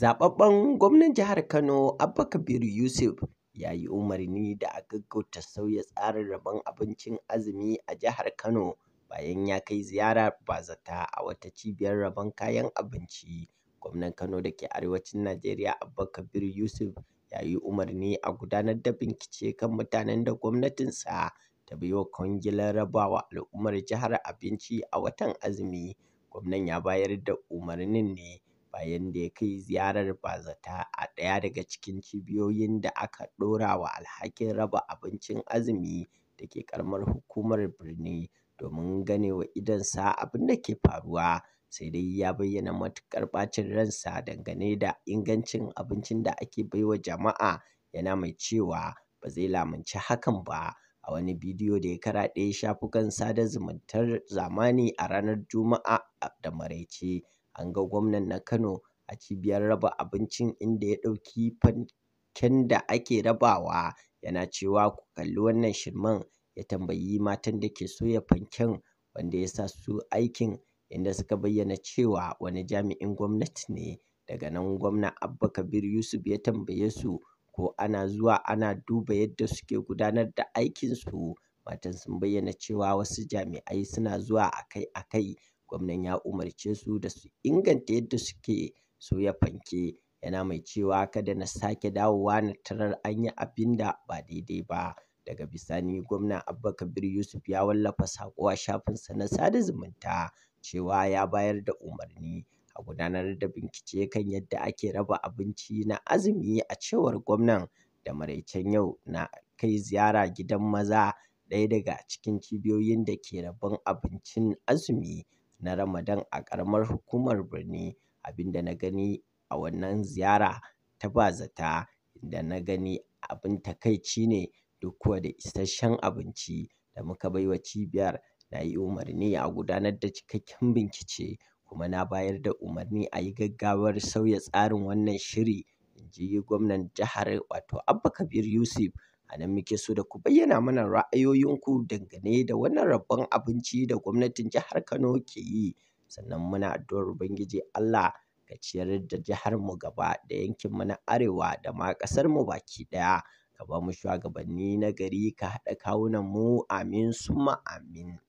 Zaɓaɓɓen gwamnan jihar Kano Abba Kabir Yusuf ya yi umarni da a gaggauta sauya tsarin rabon abincin azumi a jihar Kano bayan ya kai ziyarar bazata a wata cibiyar rabon kayan abinci. Gwamnan Kano da ke Arewacin Najeriya Abba Kabir Yusuf ya yi umarni a gudanar da bincike kan mutanen da gwamnatinsa ta bai wa kwangilar rabawa al'ummar jihar abinci a watan azumi. Gwamnan ya bayar da umarnin ne bayan da ya kai ziyarar bazata a ɗaya daga cikin cibiyoyin da aka ɗora wa alhakin raba abincin azumi da ke ƙaramar hukumar birni domin ganewa wa idonsa abin da ke faruwa sai dai ya bayyana matuƙar ɓacin ransa dangane da ingancin abincin da ake baiwa jama'a yana mai cewa ba zai lamunci hakan ba a wani bidiyo da ya karaɗe shafukan sada zumuntar zamani a ranar juma'a da maraice an ga gwamnan na Kano a cibiyar raba abincin inda ya ɗauki fanken da ake rabawa yana cewa ku kalli wannan shirmen ya tambayi matan da ke soya fanken wanda ya sa su aikin inda suka bayyana cewa wani jami'in gwamnati ne daga nan gwamna Abba Kabir Yusuf ya tambaye su ko ana zuwa ana duba yadda suke gudanar da aikinsu matan sun bayyana cewa wasu jami'ai suna zuwa akai-akai gwamnan ya umarce su da su inganta yadda suke soya fanke yana mai cewa kada na sake dawowa na tarar an yi abin da ba daidai ba daga bisani gwamna abba kabir yusuf ya wallafa saƙo a shafinsa na sada zumunta cewa ya bayar da umarni a gudanar da bincike kan yadda ake raba abinci na azumi a cewar gwamnan da maraicen yau na kai ziyara gidan maza ɗaya daga cikin cibiyoyin da ke rabon abincin azumi na Ramadan a ƙaramar hukumar Birni abinda na gani a wannan ziyara ta bazata da na gani abin takaici ne duk kuwa da isasshen abinci da muka baiwa cibiyar na yi umarni a gudanar da cikakken bincike kuma na bayar da umarni a yi gaggawar sauya tsarin wannan shiri in ji gwamnan jihar wato Abba Kabir Yusuf A nan muke so da ku bayyana mana ra'ayoyinku dangane da wannan rabon abinci da gwamnatin jihar Kano ke yi. Sannan muna addu'ar Ubangiji Allah ka ciyar da mu gaba da yankin mu na Arewa da ma ƙasar mu baki ɗaya. Ka ba mu shuwagabanni na gari, ka haɗa kawunan mu amin summa amin.